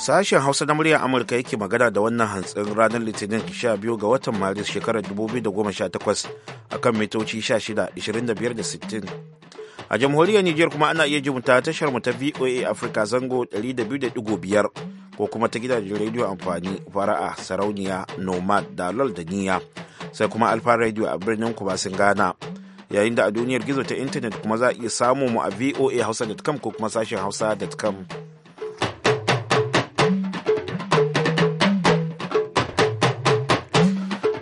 Sashen Hausa na muryar Amurka yake magana da wannan hantsin ranar Litinin 12 ga watan Maris shekarar 2018 kan mitoci 16.25.60 a jamhuriyar niger kuma ana iya ji ta tashar mu ta VOA Africa zango 200.5 ko kuma ta gidajen rediyo amfani fara'a sarauniya nomad dalol da niyya sai kuma alfa radio a birnin kubasin gana yayin da a duniyar gizo ta intanet kuma za a iya samu mu a voa hausa.com ko kuma sashen hausa.com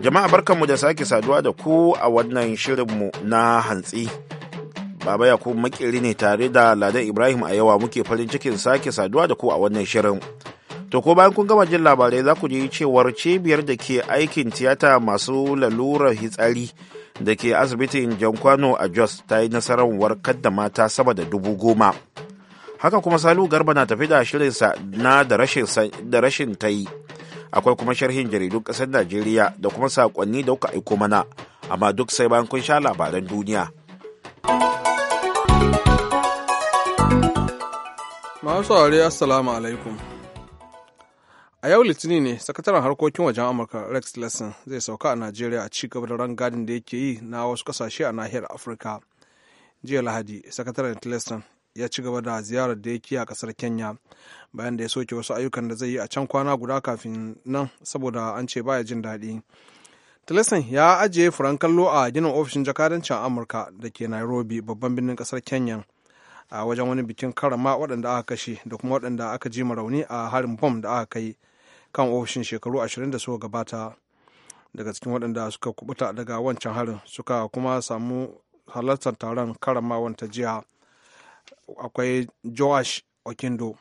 Jama'a barkanmu da sake saduwa da ku a wannan shirinmu na hantsi. Baba ku makiri ne tare da Ladan Ibrahim a yawa muke farin cikin sake saduwa da ku a wannan shirin. To ko bayan kun gama jin labarai za ku ji cewar cibiyar da ke aikin tiyata masu lalurar hitsari da ke asibitin Jankwano a Jos ta yi nasarar warkar da mata sama da dubu goma. Haka kuma Salu Garba na tafi da shirinsa na da rashin ta yi. akwai kuma sharhin jaridun ƙasar najeriya da kuma saƙonni da kuka aiko mana amma duk sai bayan kun sha labaran duniya masu aure assalamu alaikum a yau litinin ne sakataren harkokin wajen amurka rex lesson zai sauka a najeriya a cigaba da rangadin da yake yi na wasu kasashe a nahiyar afirka jiya lahadi sakataren lesson ya ci gaba da ziyarar da yake a kasar kenya bayan da ya soke wasu ayyukan da zai yi a can kwana guda kafin nan saboda an ce baya jin daɗi tillerson ya ajiye furan kallo a ginin ofishin jakadancin amurka da ke nairobi babban birnin kasar kenya a wajen wani bikin karama waɗanda aka kashe da kuma waɗanda aka ji rauni a harin bom da aka kai kan ofishin shekaru ashirin da suka gabata daga cikin waɗanda suka kubuta daga wancan harin suka kuma samu halartar taron karamawan ta jiya akwai josh okindo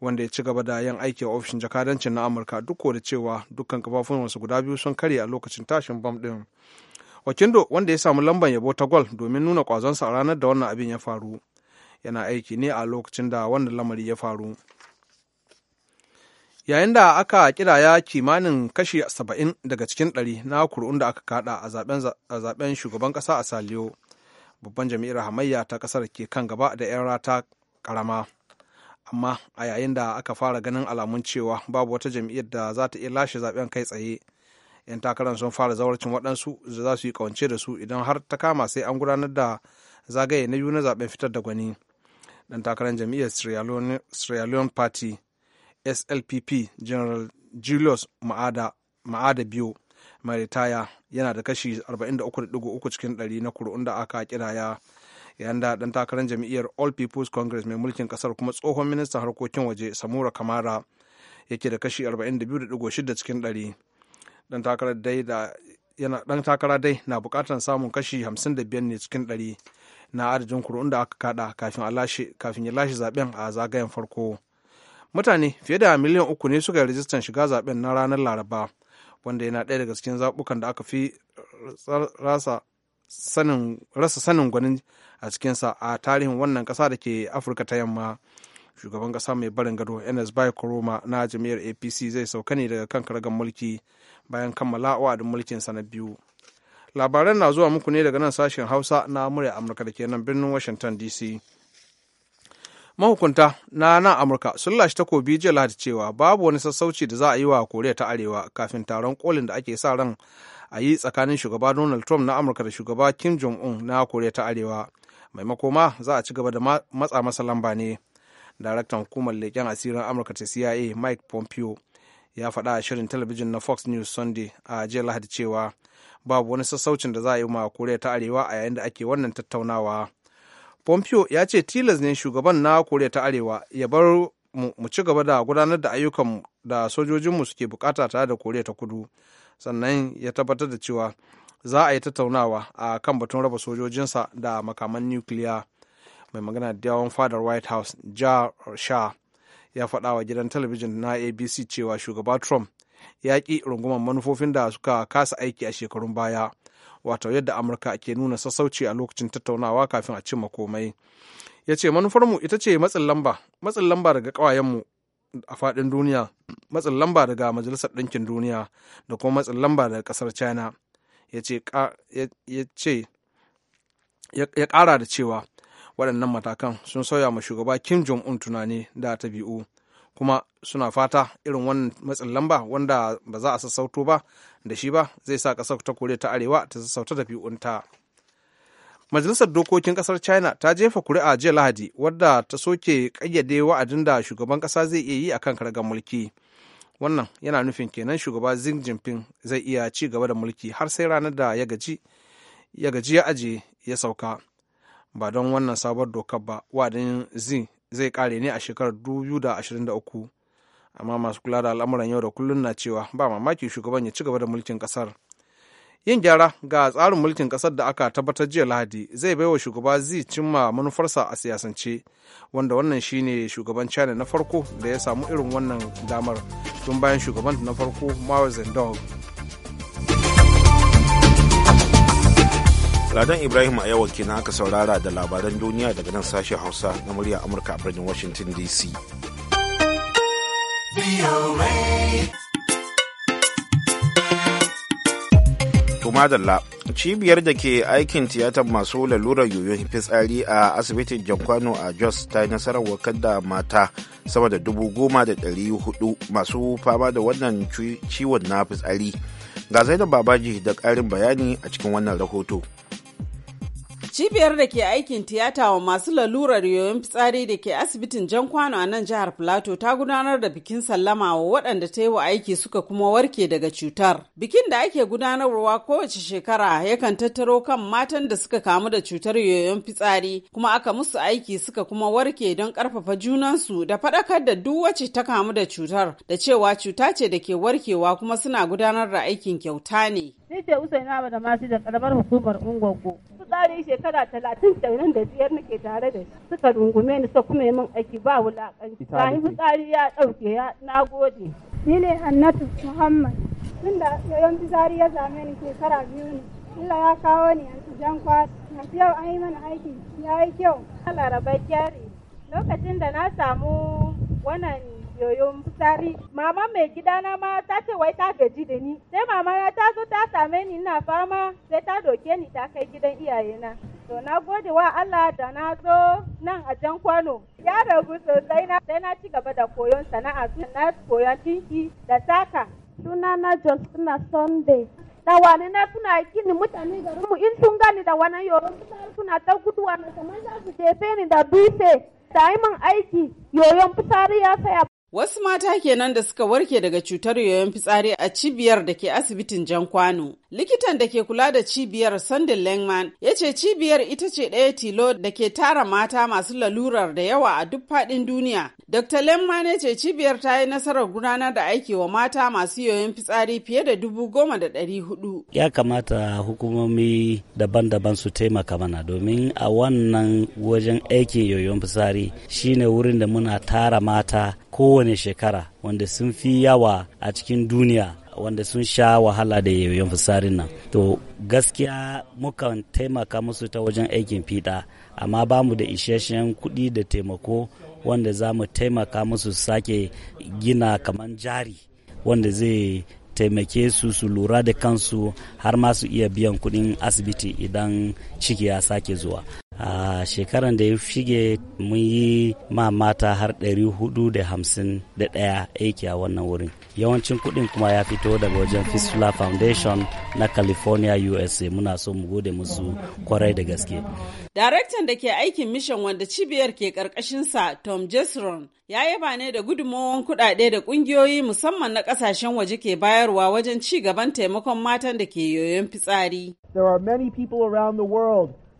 wanda ya ci gaba da yin aiki a ofishin jakadancin na amurka duk da cewa dukkan kafafun wasu guda biyu sun karye a lokacin tashin bam din okindo wanda ya samu lamban yabo ta gwal domin nuna kwazonsa a ranar da wannan abin ya faru yana aiki ne a lokacin da wannan lamari ya faru yayin da aka kiraya kimanin kashi saba'in daga cikin 100 na kuri'un da aka kada a zaben shugaban ƙasa a saliyo babban jami'ar hamayya ta kasar ke kan gaba da 'yan rata karama amma a yayin da aka fara ganin alamun cewa babu wata jami'ar da za ta iya lashe zaben kai tsaye 'yan takarar sun fara zawarcin waɗansu da za su yi kawance da su idan har ta kama sai an gudanar da zagaye na biyu na zaben fitar da gwani dan takarar jami'ar sierra leone party slpp general julius ma'ada biyu mai ritaya yana da kashi 43.3 cikin 100 na kuri'un da aka kiraya yayin da dan takarar jam'iyyar all people's congress mai mulkin kasar kuma tsohon ministan harkokin waje samura kamara yake da kashi 42.6 cikin 100 dan takarar dai da yana dan takara dai na bukatar samun kashi 55 ne cikin 100 na adadin kuri'un da aka kada kafin kafin ya lashe zaben a zagayen farko mutane fiye da miliyan uku ne suka yi rajistan shiga zaben na ranar laraba wanda yana ɗaya daga cikin zaɓukan da aka fi rasa sanin gwanin a cikinsa a tarihin wannan ƙasa da ke afirka ta yamma shugaban ƙasa mai barin gado ns bai koroma na jami'ar apc zai sauka ne daga kan karagar mulki bayan kammala wa'adin sa na biyu labaran na zuwa muku ne daga nan sashen hausa na murya amurka da ke nan birnin washington dc mahukunta na nan amurka sun lashe takobi jiya lahadi cewa babu wani sassauci da za a yi wa koriya ta arewa kafin taron kolin da ake sa ran a yi tsakanin shugaba donald trump na amurka da shugaba kim jong un na koriya ta arewa maimako ma za a ci gaba da matsa masa lamba ne daraktan hukumar leƙen asirin amurka ta cia mike pompeo ya faɗa a shirin talabijin na fox news sunday a jiya lahadi cewa babu wani sassaucin da za a yi ma koriya ta arewa a yayin da ake wannan tattaunawa pompeo ya ce tilas ne shugaban na koriya ta arewa ya bar mu ci gaba da gudanar da ayyukan da sojojinmu suke bukata tare da koriya ta kudu sannan ya tabbatar da cewa za a yi tattaunawa a kan batun raba sojojinsa da makaman nukiliya mai magana da yawon fadar white house Jar sha ya faɗa wa gidan talabijin na abc cewa shugaba trump ya ƙi rungumar manufofin da suka kasa aiki a shekarun baya wato yadda amurka ke nuna sassauci a lokacin tattaunawa kafin a cimma komai ya ce manufarmu ita ce matsin lamba matsin lamba daga ƙawayenmu a faɗin duniya matsin lamba daga majalisar ɗinkin duniya da kuma matsin lamba daga ƙasar china ya ce ya ƙara da cewa waɗannan matakan sun sauya ma shugaba kim jong un tunani da ta biyu kuma suna fata irin wannan matsin lamba wanda ba za a sassauto ba da shi ba zai sa ƙasar ta koriya ta arewa ta sassauta da fi'unta majalisar dokokin kasar china ta jefa kuri'a jiya lahadi wadda ta soke ƙayyade wa'adin da shugaban ƙasa zai iya yi a kan kargar mulki wannan yana nufin kenan shugaba xi jinping zai iya ci gaba da mulki har sai ranar da ya gaji ya gaji ya aje ya sauka ba don wannan sabuwar dokar ba wa'adin xi zai kare ne a shekarar 2023 amma masu kula da al'amuran yau da kullum na cewa ba mamaki shugaban ya ci gaba da mulkin kasar yin gyara ga tsarin mulkin kasar da aka tabbatar jiya lahadi zai baiwa shugaba zai cimma manufarsa a siyasance wanda wannan shine shugaban china na farko da ya samu irin wannan damar tun bayan shugaban na farko mao zedong Ladan Ibrahim a yau kenan aka saurara da labaran duniya daga nan sashen Hausa na murya Amurka a birnin Washington DC. Tumadalla cibiyar da ke aikin tiyatar masu lalurar yoyon fitsari a asibitin jankwano a jos ta yi nasarar wakar da mata sama da dubu goma da ɗari hudu masu fama da wannan ciwon na fitsari ga zai da babaji da ƙarin bayani a cikin wannan rahoto. Cibiyar da ke aikin tiyata wa masu lalurar yoyon fitsari da ke asibitin Jan Kwano a nan jihar plateau ta gudanar da bikin sallama wa waɗanda ta yi wa aiki suka kuma warke daga cutar. Bikin da ake gudanarwa kowace shekara yakan tattaro kan matan da suka kamu da cutar yoyon fitsari kuma aka musu aiki suka kuma warke don ƙarfafa junansu da faɗakar da duk wacce ta kamu da cutar da cewa cuta ce da ke warkewa kuma suna gudanar da aikin kyauta ne. Ni ce Usaina ba da masu da karamar hukumar Su Tsari shekara talatin da nan da biyar nake tare da shi. Suka rungume ni suka kuma yi min aiki ba wulaƙanci. Ba ni ya ɗauke ya na gode. Ni ne Hannatu Muhammad. Tun da yawan fitsari ya zame ni shekara biyu ne. Allah ya kawo ni a cikin kwat. Yau an yi mana aiki ya yi kyau. Laraba kyari. Lokacin da na samu wannan yoyon fitsari. Mama mai gidana ma ta ce wai ta gaji da ni. Sai mama na ta zo ta same ni ina fama sai ta doke ni ta kai gidan iyayena. To na gode wa Allah da na zo nan a jan kwano. Ya ragu sosai na sai na ci gaba da koyon sana'a na koyon tinki da saka. na Justina Sunday. da na suna gini mutane garinmu in sun gani da wannan yoron fitsari suna ta guduwa na kamar za su jefe ni da dutse ta yi aiki yoyon fitsari ya saya Wasu mata kenan da suka warke daga cutar yoyon fitsari a cibiyar da ke asibitin Jan Kwano. Likitan da ke kula da cibiyar Sandin Langman ya ce cibiyar ita ce ɗaya tilo da ke tara mata masu lalurar da yawa a duk faɗin duniya. Dr. Langman ya ce cibiyar ta yi nasarar gudanar da aiki wa mata masu yoyon fitsari fiye da dubu goma da ɗari hudu. Ya kamata hukumomi daban-daban su taimaka mana domin a wannan wajen aikin yoyon fitsari shine wurin da muna tara mata kowane kowane shekara wanda sun fi yawa a cikin duniya wanda sun sha wahala da yoyon fusarin nan to gaskiya mukan taimaka musu ta wajen aikin fiɗa amma ba mu da isasshen kuɗi da taimako wanda za mu taimaka musu sake gina kamar jari wanda zai taimake su su lura da kansu har ma su iya biyan kuɗin asibiti idan ciki ya sake zuwa a shekaran da ya shige mun yi ma mata har 451 aiki a wannan wurin yawancin kuɗin kuma ya fito daga wajen fistula foundation na california usa muna so mu gode musu kwarai da gaske daraktan da ke aikin mission wanda cibiyar ke karkashin sa tom jesron ya yaba ne da gudunmowar kuɗaɗe da ƙungiyoyi musamman na ƙasashen waje ke bayarwa wajen ci gaban taimakon matan da ke yoyon fitsari.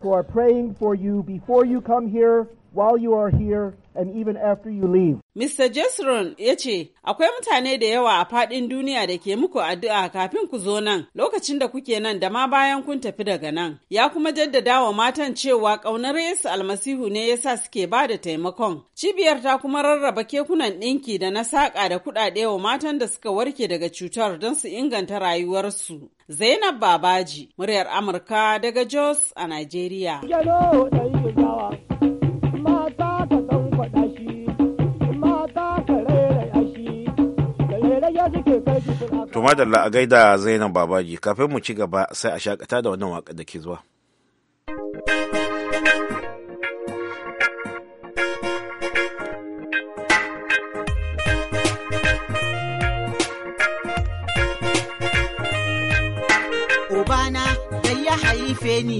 who are praying for you before you come here while you are here and even after you leave. Mr. Jesron ya ce, Akwai mutane da yawa a faɗin duniya da ke muku addu'a kafin ku zo nan lokacin da kuke nan da ma bayan kun tafi daga nan. Ya kuma jaddada wa matan cewa ƙaunar Yesu almasihu ne ya sa suke ba da taimakon. Cibiyar ta kuma rarraba kekunan ɗinki da na saƙa da kuɗaɗe wa matan da suka warke daga cutar don su inganta rayuwarsu. Zainab Babaji, muryar Amurka daga Jos a Najeriya. To madalla a gaida Zainab Babaji kafin mu ci gaba sai a shakata da wannan waka da ke zuwa. Ubana da ya haife ni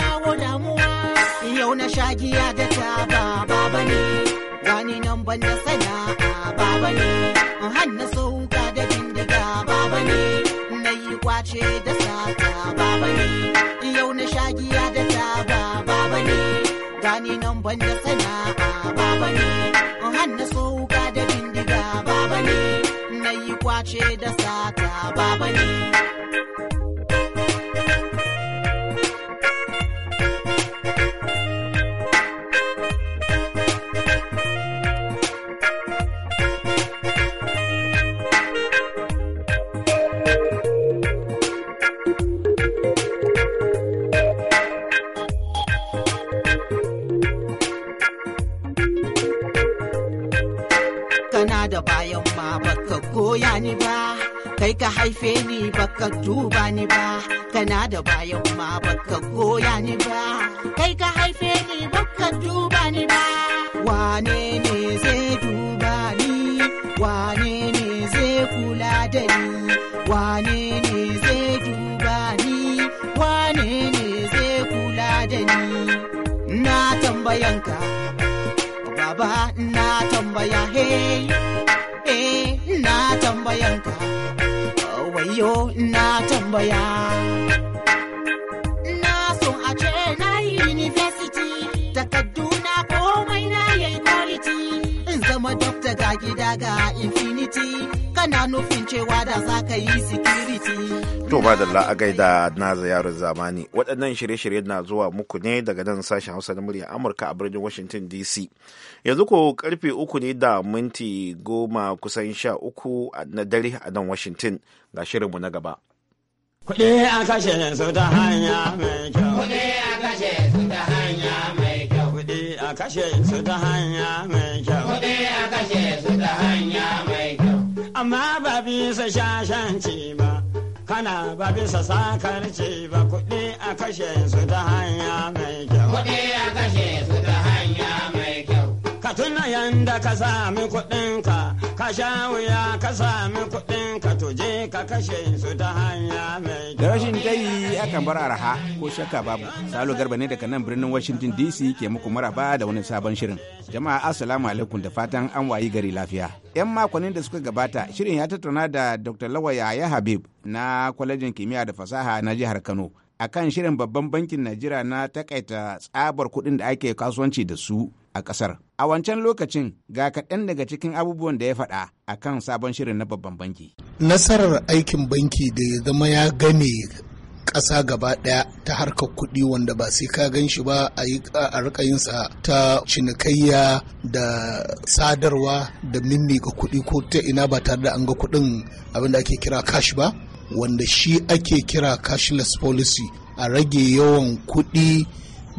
yau na shagiya da ta baba ne wani nan ban da sana'a baba ne hannu sauka da bindiga baba ne na yi kwace da sata baba ne yau na shagiya da ta baba ne gani nan ban da sana'a baba ne hannu sauka da bindiga baba ne na yi kwace da sata baba ne kai ka haife ni baka duba ni ba kana da bayan ma baka goya ni ba kai ka haife ni baka duba ni ba wane ne zai duba ni wane ne zai kula da ni wane ne zai duba ni wane ne zai kula da ni na ka, baba na tambaya hey eh na ka. yo na tambaya. Na so a ce na yi university, takardu na komai na yi quality, in zama dokta ga gida ga infinity. kana nufin cewa da za ka yi security. To ba da la'agai da na ziyarar zamani waɗannan shirye-shirye na zuwa muku ne daga nan sashen Hausa na murya Amurka a birnin Washington DC. Yanzu ko karfe uku ne da minti goma kusan sha uku na dare a nan Washington ga shirinmu na gaba. Kuɗi a kashe su ta hanya mai kyau. Kuɗi a kashe su ta hanya mai kyau. Kuɗi a kashe su ta hanya mai kyau. amma ba bisa shashanci ba kana ba bisa ce ba kuɗi a kashe su ta hanya mai kyau kuɗi a kashe su ta hanya mai kyau tuna yanda ka sami kuɗinka ka sha wuya ka sami kuɗinka to je ka kashe su ta hanya mai da rashin tayi akan bar araha ko shakka babu salo garba ne daga nan birnin washington dc ke muku maraba da wani sabon shirin jama'a assalamu alaikum da fatan an wayi gari lafiya yan makonnin da suka gabata shirin ya tattauna da dr lawaya ya habib na kwalejin kimiyya da fasaha na jihar kano akan shirin babban bankin najeriya na takaita tsabar kuɗin da ake kasuwanci da su a ƙasar. A wancan lokacin ga kaɗan daga cikin abubuwan da ya faɗa a kan sabon shirin na babban banki. Nasarar aikin banki da ya zama ya gane ƙasa gaba ɗaya ta harkar kuɗi wanda ba sai ka gan shi ba a rika yinsa ta cinikayya da sadarwa da mimmiƙa kuɗi ko ta ina ba tare da an ga kuɗin abinda ake kira cash ba wanda shi ake kira cashless policy a rage yawan kuɗi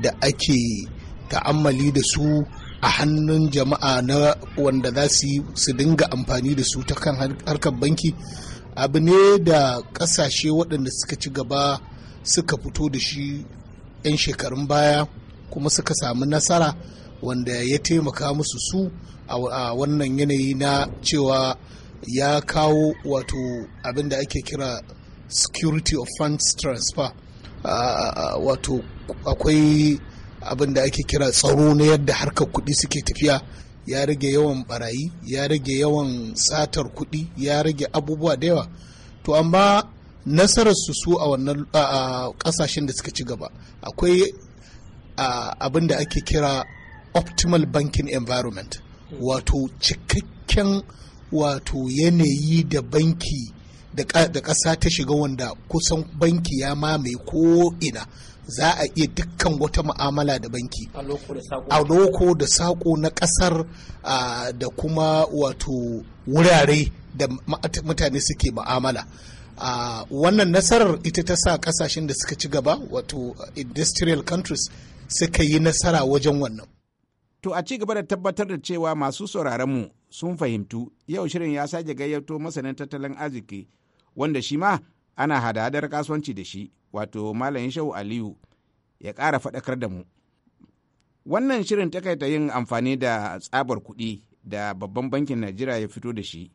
da ake ta'ammali da su a hannun jama'a na wanda za su dinga amfani da su ta kan harkar banki abu ne da kasashe waɗanda suka ci gaba suka fito da shi 'yan shekarun baya kuma suka samu nasara wanda ya taimaka musu su a wannan yanayi na cewa ya kawo wato abin da ake kira security of funds transfer wato akwai abin da ake kira tsaro na yadda harkar kuɗi suke tafiya ya rage yawan barayi ya rage yawan satar kuɗi ya rage abubuwa da yawa to amma nasarar su su a wannan ƙasashen da suka ci gaba akwai abin da ake kira optimal banking environment wato cikakken wato yanayi da banki da ƙasa ta shiga wanda kusan banki ya mamaye ko ina za a iya dukkan wata mu'amala da banki a loko da sako na kasar da kuma wato wurare da mutane suke mu'amala wannan nasarar ita ta sa kasashen da suka ci gaba wato industrial countries suka yi nasara wajen wannan to a ci gaba da tabbatar da cewa masu mu sun fahimtu yau shirin ya sake gayyato masanin tattalin arziki wanda shi ma ana hada-hadar kasuwanci da shi wato malam shehu aliyu ya ƙara faɗakar da mu wannan shirin takaita yin amfani da tsabar kuɗi da babban bankin najeriya ya fito da shi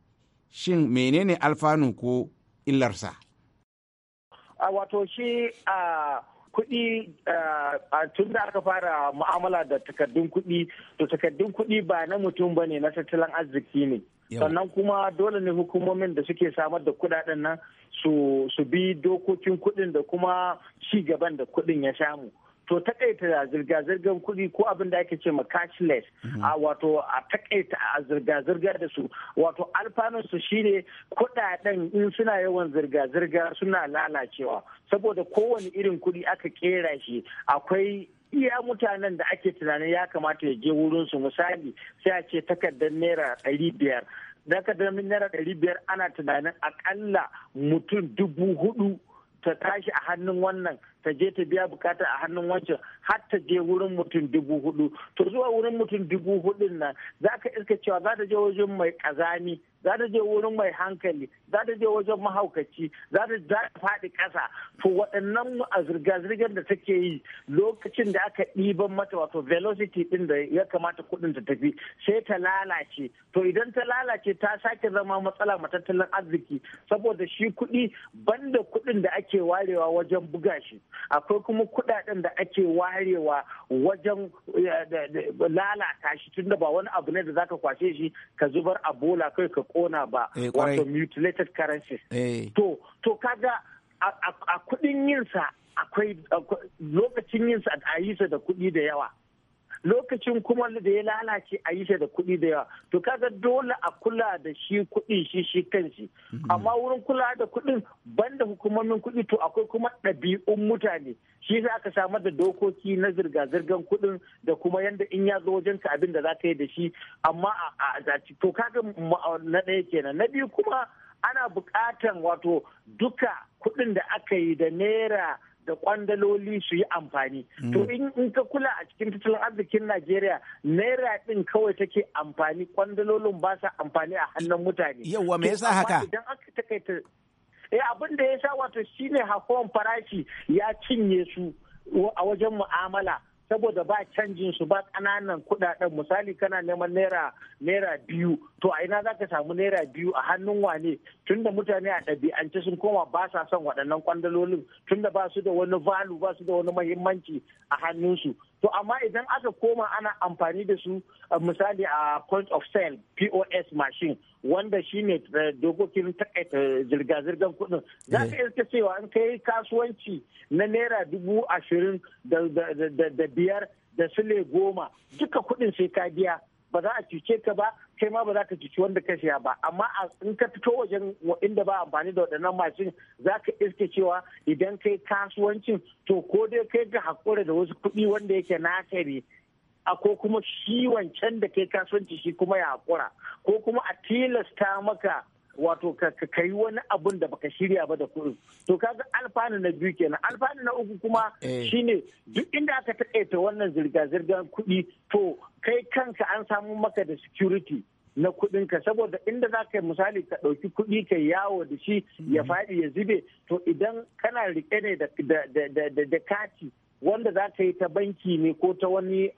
shin menene alfanu ko illarsa a wato shi a kuɗi eh, tun da aka fara mu'amala da takardun kuɗi to takardun kuɗi ba na mutum ba ne na tattalin arziki ne sannan kuma dole ne hukumomin da suke samar da kuɗaɗen nan su bi dokokin kuɗin da kuma ci gaban da kuɗin ya samu to takaita zirga-zirgar kuɗi ko abin da ake ce ma cashless mhm. a wato a takaita a zirga-zirga da su wato alfanun su shine kuɗaɗen in suna yawan zirga-zirga suna lalacewa saboda kowane irin kuɗi aka kera shi akwai iya mutanen da ake tunanin ya kamata ya je wurinsu misali sai a ce takardar naira ɗari biyar takardar naira ɗari biyar ana tunanin akalla mutum dubu hudu ta tashi a hannun wannan ta je ta biya bukata a hannun wancan har ta je wurin mutum dubu hudu to zuwa wurin mutum dubu hudun nan za ka iska cewa za ta je wajen mai kazani za ta je wurin mai hankali za ta je wajen mahaukaci za ta faɗi ƙasa to waɗannan a zirga-zirgar da take yi lokacin da aka ɗiban mata wato velocity ɗin da ya kamata kuɗin ta tafi sai ta lalace to idan ta lalace ta sake zama matsala ma tattalin arziki saboda shi kuɗi banda kuɗin da ake warewa wajen buga shi akwai kuma kudaden da ake warewa wajen eh, lalata shi tunda ba wani abu ne da zaka kwashe shi ka zubar a bola kai ka kona ba eh, wato mutilated currencies eh. to to kaga a kudin yinsa akwai lokacin yinsa a yi da kudi da yawa lokacin kuma da ya lalace a yi da kuɗi da yawa to kaga dole a kula da shi kuɗin shi shi kanshi mhm. amma wurin kula da kuɗin banda hukumomin kuɗi to akwai kuma ɗabi'un mutane shi za aka samar da dokoki na zirga-zirgar kuɗin da kuma yadda in ya zo wajen ka abin da za ka yi da shi amma a to kaga na ɗaya kenan na biyu kuma ana buƙatan wato duka kuɗin da aka yi da naira da kwandaloli su yi amfani. Mm. To in ka kula a cikin tattalin arzikin Najeriya naira ɗin kawai take amfani kwandalolin ba sa amfani a hannun mutane. Yawwa me yasa haka? Idan eh abin da ya sa wato shine hakon farashi ya cinye su a wajen mu'amala saboda ba canjin su ba ƙananan kuɗaɗen misali kana neman naira naira biyu to a ina zaka samu naira biyu a hannun wane tunda mutane a ɗabi'ance sun koma ba sa son waɗannan kwandalolin tunda ba su da wani valu ba su da wani mahimmanci a hannun su to amma idan aka koma ana amfani da su misali a point of sale pos machine wanda shi ne eh, dokokin takaita zirga-zirgar kudin za ka eh. iya cewa an kai kasuwanci na naira dubu ashirin da biyar da sule goma duka kudin sai ka biya ba za a cuce ka ba kai ma ba za ka cuci wanda ka siya ba amma in ka fito wajen inda ba amfani da waɗannan mashin za ka iske cewa idan kai kasuwancin to ko dai kai ga hakura da wasu kuɗi wanda yake na ne a ko kuma shi wancan da kai kasuwanci shi kuma ya haƙura ko kuma a tilasta maka wato ka yi wani abun da baka shirya ba da kuɗin to kaga alfanu na biyu kenan alfanu na uku kuma eh. shine duk inda aka taƙaita wannan zirga-zirgar kuɗi to kai kanka an samu maka da security na kuɗin ka saboda inda za ka yi misali ka ɗauki kuɗi ka yawo da shi ya mm. faɗi ya zube to idan kana riƙe ne da kati wanda za ka yi ta banki ne ko ta wani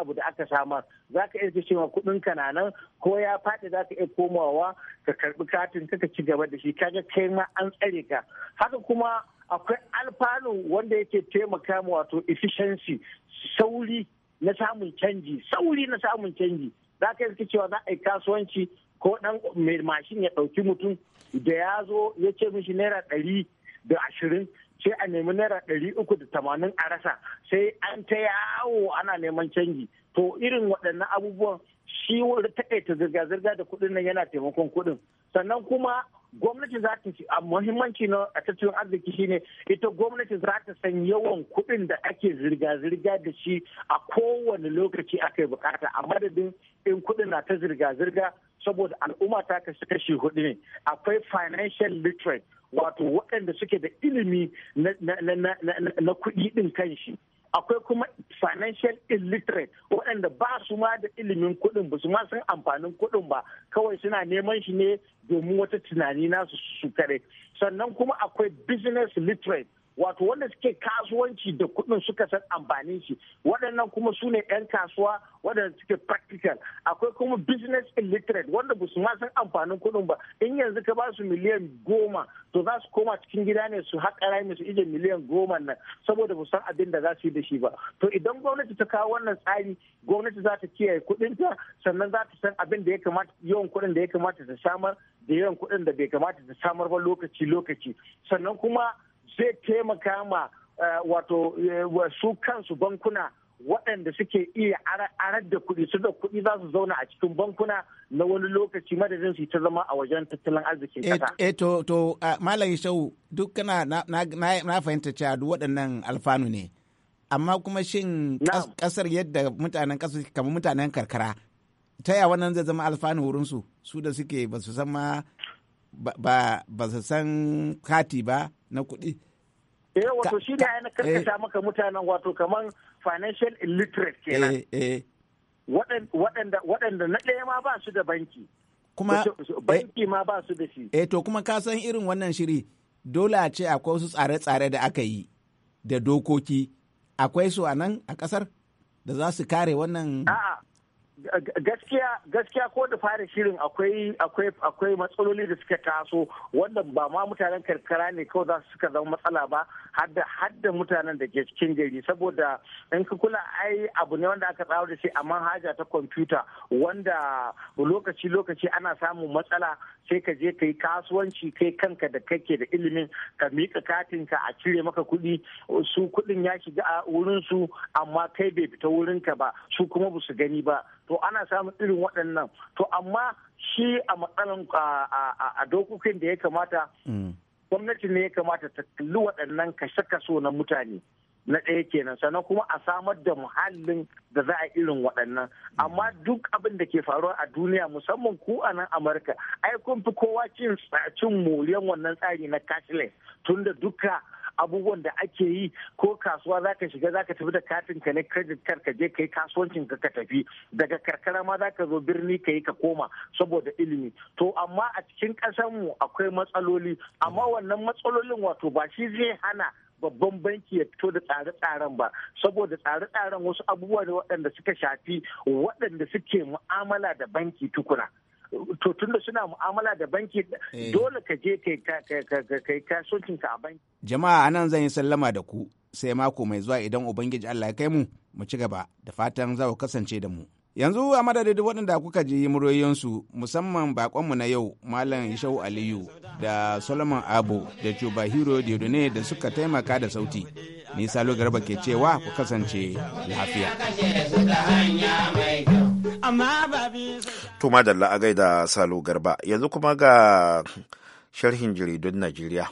abu da aka samar za ka iya cewa kuɗin ka nan ko ya faɗi za ka iya komawa ka karɓi katin ka ka ci gaba da shi kaga kai ma an tsare ka haka kuma akwai alfanu wanda yake taimaka ma wato efficiency sauri na samun canji sauri na samun canji za ka iya cewa za a yi kasuwanci ko dan mai mashin ya ɗauki mutum da ya zo ya ce mishi naira ɗari da ashirin sai a nemi naira ɗari uku da tamanin a rasa sai an ta yawo ana neman canji to irin waɗannan abubuwan shi wani takaita zirga-zirga da kuɗin nan yana taimakon kuɗin sannan kuma gwamnati za ta a muhimmanci na a tattalin arziki shine ita gwamnati za ta san yawan kuɗin da ake zirga-zirga da shi a kowane lokaci aka bukata a madadin in kuɗin na ta zirga-zirga saboda al'umma ta kashe kashi hudu ne akwai financial literate wato waɗanda suke da ilimi na kuɗi ɗin kanshi akwai kuma financial illiterate waɗanda ba su ma da ilimin kuɗin ba su ma san amfanin kuɗin ba kawai suna neman shi ne domin wata tunani nasu su kare sannan kuma akwai business literate wato wanda suke kasuwanci da kudin suka san amfani shi waɗannan kuma su ne 'yan kasuwa waɗanda suke practical akwai kuma business illiterate wanda ba su ma san amfanin kuɗin ba in yanzu ka ba su miliyan goma to za su koma cikin gida ne su haƙa rami su ije miliyan goma nan saboda ba san abin da za su yi da shi ba to idan gwamnati ta kawo wannan tsari gwamnati za ta kiyaye kuɗinta sannan za ta san abin da ya kamata yawan kuɗin da ya kamata ta samar da yawan kuɗin da bai kamata ta samar ba lokaci lokaci sannan kuma zai taimaka ma eh, wato eh, su kansu bankuna waɗanda suke iya arar da kuɗi su da kuɗi za su zauna a cikin bankuna na wani lokaci madadin su ta zama a wajen tattalin arzikin eh, ƙasa. E to to malam shau duk kana na fahimta cewa duk waɗannan alfanu ne. Amma kuma shin ƙasar yadda mutanen ƙasa kamar mutanen karkara ta ya wannan zai zama alfanu wurin su su da suke ba su san ba su san kati ba na kuɗi eh wato shi ne ainihin karkata eh. maka mutanen wato kamar financial illiterate kenan eh, eh. waɗanda na ɗaya ma ba su da banki kuma banki ma ba su da shi eh to kuma ka san irin wannan shiri dole a ce akwai wasu tsare-tsare da aka yi da dokoki akwai su a nan a kasar da za su kare wannan gaskiya ko da fara shirin akwai akwai matsaloli da suka taso wanda ba ma mutanen karkara ne kawai za su suka zama matsala ba hadda mutanen da ke cikin gari saboda in ka kula ai abu ne wanda aka tsawo da shi a manhaja ta kwamfuta wanda lokaci lokaci ana samun matsala sai ka je ka yi kasuwanci kai kanka da kake da ilimin ka miƙa katinka a cire maka kuɗi su kuɗin ya shiga a wurin su amma kai bai fita wurinka ba su kuma ba su gani ba to ana samun irin waɗannan to amma shi a matsalan a dokokin da ya kamata mm. gwamnati ne ya kamata ta kalli waɗannan kashe-kaso na mutane na ɗaya kenan sannan kuma a samar da muhallin da za a irin waɗannan amma duk abin da ke faruwa a duniya musamman ku a nan amurka ai kun fi kowa cin moriyar wannan tsari na cashless tunda duka abubuwan da ake yi ko kasuwa za ka shiga za ka tafi da katin ka na credit card ka je ka yi kasuwancin ka ka tafi daga karkara ma za ka zo birni ka yi ka koma saboda ilimi to amma a cikin ƙasar mu akwai matsaloli amma wannan matsalolin wato ba shi zai hana babban banki ya fito da tsare-tsaren ba saboda tsare-tsaren wasu abubuwa da waɗanda suka shafi waɗanda suke mu'amala da banki tukuna. to da suna mu'amala da banki eh. dole ka je kai ka a banki. Jama'a anan zan yi sallama da ku sai mako mai zuwa idan Ubangiji Allah ya kai mu mu ci gaba da fatan za ku kasance da mu. Yanzu a madadin waɗanda kuka ji muryoyinsu musamman bakonmu na yau Malam Ishau Aliyu da Solomon abu da Cuba Hero Diodone da suka taimaka da sauti. Ni Salo Garba ke cewa ku kasance lafiya. Amma to madalla a da salo garba yanzu kuma ga sharhin jaridun najeriya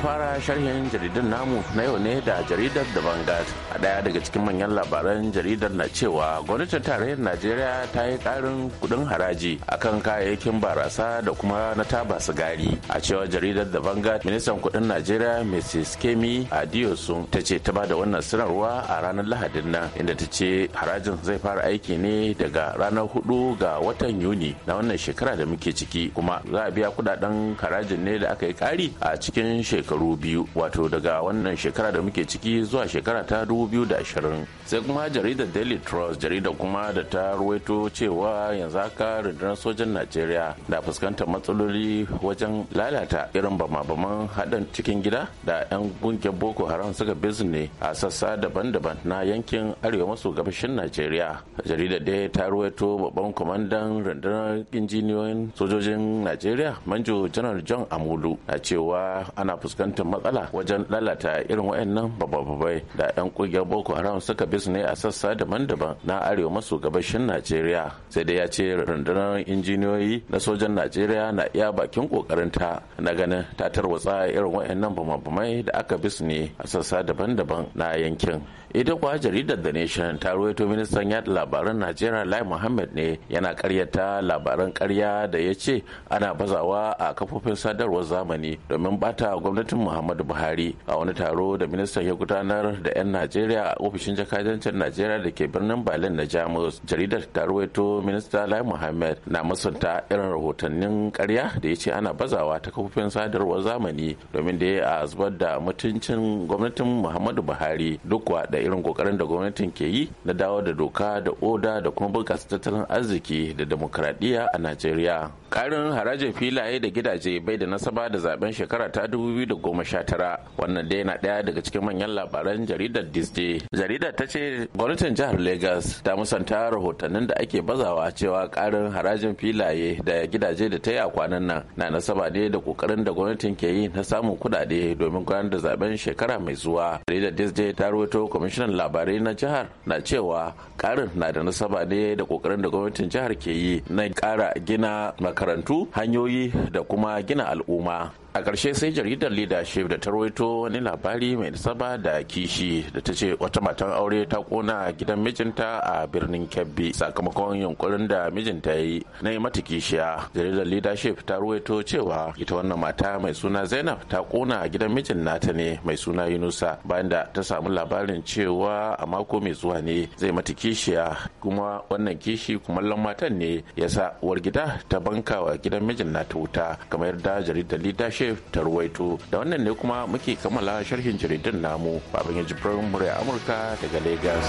fara sharhin jaridar namu na yau ne da jaridar da vangard A daya daga cikin manyan labaran jaridar na cewa gwamnatin tarayyar Najeriya ta yi karin kudin haraji akan kayayyakin barasa da kuma na taba sigari. A cewar jaridar da vangard ministan kudin Najeriya Mrs. Kemi Adiosun ta ce ta bada wannan sanarwa a ranar Lahadin nan inda ta ce harajin zai fara aiki ne daga ranar hudu ga watan Yuni na wannan shekara da muke ciki kuma za a biya kudaden harajin ne da aka yi kari a cikin shekaru shekaru biyu wato daga wannan shekara da muke ciki zuwa shekara ta dubu biyu da ashirin sai kuma jaridar daily trust jaridar kuma da ta ruwaito cewa yanzu haka rundunar sojan najeriya na fuskantar matsaloli wajen lalata irin bama-baman haɗin cikin gida da 'yan kungiyar boko haram suka bizne a sassa daban-daban na yankin arewa maso gabashin najeriya jaridar dai ta ruwaito babban kwamandan rundunar injiniyoyin sojojin najeriya manjo janar john amulu na cewa ana fuskantar fuskantar matsala wajen lalata irin wayannan bababai da 'yan kungiyar boko haram suka bi ne a sassa daban-daban na arewa maso gabashin najeriya sai dai ya ce rundunar injiniyoyi na sojan najeriya na iya bakin kokarin ta na ganin ta tarwatsa irin wayannan bamabamai da aka bi ne a sassa daban-daban na yankin ita kuwa jaridar the nation ta ruwaito ministan yada labaran najeriya lai muhammad ne yana karyata labaran karya da ya ce ana bazawa a kafofin sadarwar zamani domin bata gwamnatin muhammadu buhari a wani taro da ministan ya gudanar da 'yan najeriya a ofishin jakadancin najeriya da ke birnin berlin na jamus jaridar ta ruwaito minista lai muhammad na musanta irin rahotannin karya da ya ce ana bazawa ta kafofin sadarwar zamani domin da ya a zubar da mutuncin gwamnatin muhammadu buhari duk wa irin kokarin da gwamnatin ke yi na dawo da doka da oda da kuma bunƙasa tattalin arziki da demokradiyya a najeriya karin harajin filaye da gidaje bai da nasaba da zaben shekara ta 2019 wannan dai na ɗaya daga cikin manyan labaran jaridar disney jaridar ta ce gwamnatin jihar lagos ta musanta rahotannin da ake bazawa cewa karin harajin filaye da gidaje da ta yi a kwanan nan na nasaba ne da kokarin da gwamnatin ke yi na samun kudade domin gudanar da zaben shekara mai zuwa jaridar disney ta rawaito kwamishin kwamishinan labarai na jihar na cewa karin na da nasaba ne da kokarin da gwamnatin jihar ke yi na kara gina makarantu hanyoyi da kuma gina al'umma a ƙarshe sai jaridar leadership da ta rawaito wani labari mai nasaba da kishi da ta ce wata matan aure ta kona gidan mijinta a birnin kebbi sakamakon yunkurin da mijinta yi na yi mata kishiya jaridar leadership ta rawaito cewa ita wannan mata mai suna zainab ta kona gidan mijin nata ne mai suna yunusa bayan da ta samu labarin cewa a mako mai zuwa ne zai mata kishiya kuma wannan kishi kumallon matan ne yasa uwar gida ta banka wa gidan mijin nata wuta kamar da jaridar leadership ce ta ruwaito da wannan ne kuma muke kammala sharhin jaridun namu babin yanzu jibirin murya amurka daga lagos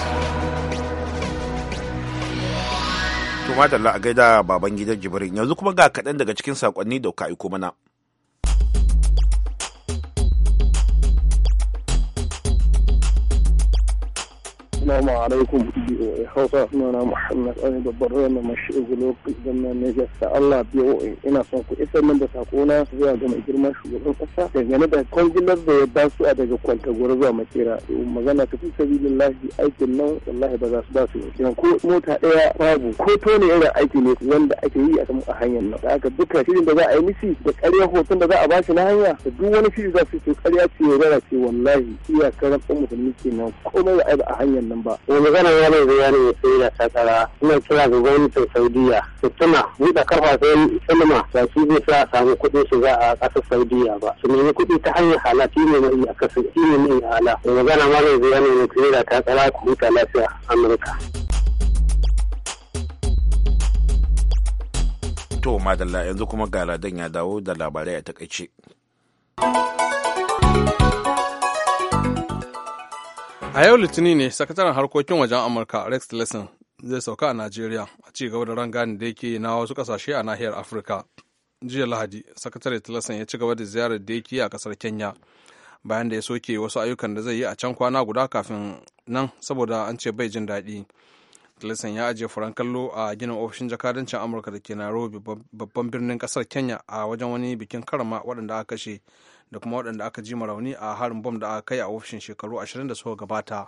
to madalla a gaida baban jibirin yanzu kuma ga kaɗan daga cikin saƙonni da ka aiko mana Assalamu alaikum BOA Hausa sunana Muhammad Ali babban rana mai shi'u lokaci zannan Niger da Allah BOA ina son ku isar min da sakona zuwa ga mai girman shugaban kasa dangane da kwangilar da ya ba su a daga kwantagoro zuwa makera magana ta fi sabilillahi aikin nan wallahi ba za su ba su kiran ko mota daya babu ko to irin aiki ne wanda ake yi a a hanyar nan da aka duka shirin da za a yi misi da ƙarya hoton da za a ba shi na hanya da duk wani shiri za su ce ƙarya ce ya ce wallahi iyakar ɗan musulmi kenan komai da a hanyar nan ba mai magana ya ne ya sai da takara suna kira ga gwamnatin saudiya su tuna buɗe kafafen sinima ba shi zai sa a samu kuɗin za a ƙasar saudiya ba su nemi kuɗi ta hanyar hala shi ne mai a kasu shi ne mai hala wani magana ma mai zai ne ya sai da takara ku huta lafiya amurka. To madalla yanzu kuma ga ya dawo da labarai a takaice. A yau Litinin ne sakataren harkokin wajen Amurka Rex Tillerson zai sauka a Najeriya a ci gaba da ranganin da yake na wasu kasashe a nahiyar Afirka. Jiya Lahadi, sakatare Tillerson ya ci gaba da ziyarar da yake a kasar Kenya bayan da ya soke wasu ayyukan da zai yi a can kwana guda kafin nan saboda an ce bai jin daɗi. Tilisan ya ajiye furen kallo a ginin ofishin jakadancin amurka da ke nairobi babban birnin kasar kenya a wajen wani bikin karama waɗanda aka kashe da kuma waɗanda aka ji rauni a harin bom da aka kai a ofishin shekaru 20 da suka gabata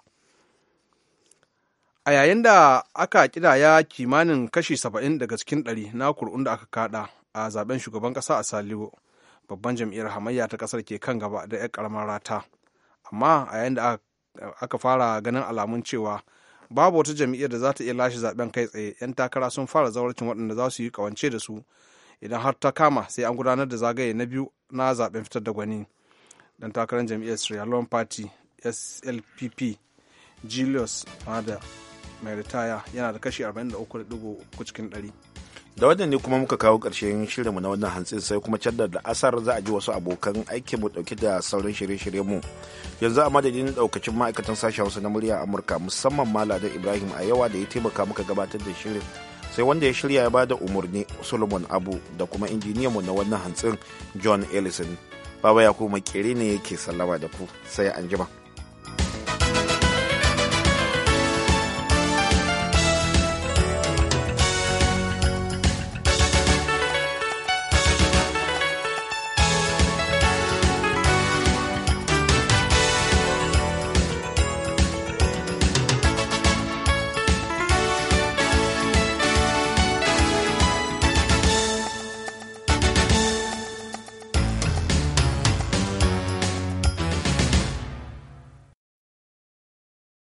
a yayin da aka kidaya kimanin kashi 70 daga cikin 100 na kur'un da aka kada a zaben shugaban kasa a salihu babban jam'iyyar hamayya ta kasar ke kan gaba da 'yan karamar rata amma a yayin da aka fara ganin alamun cewa babu wata jam'iyyar da za ta iya lashe zaben kai tsaye yan takara sun fara zawarcin waɗanda za su yi kawance da su idan har ta kama sai an gudanar da zagaye na biyu na zaben fitar da gwani dan takarar jam'iyyar sierra leone party slpp julius mada mai ritaya yana da kashi 43.3 cikin 100 da wannan ne kuma muka kawo ƙarshen shirinmu na wannan hantsin sai kuma can da asar za a ji wasu abokan aikin mu dauke da sauran shirye shiryen mu yanzu a madadin daukacin ma'aikatan sashen hausa na murya amurka musamman maladan ibrahim a yawa da ya taimaka muka gabatar da shirin sai wanda ya shirya ya ba da umarni solomon abu da kuma injiniyanmu na wannan hantsin john ellison baba ya kuma ne yake sallama da ku sai anjima.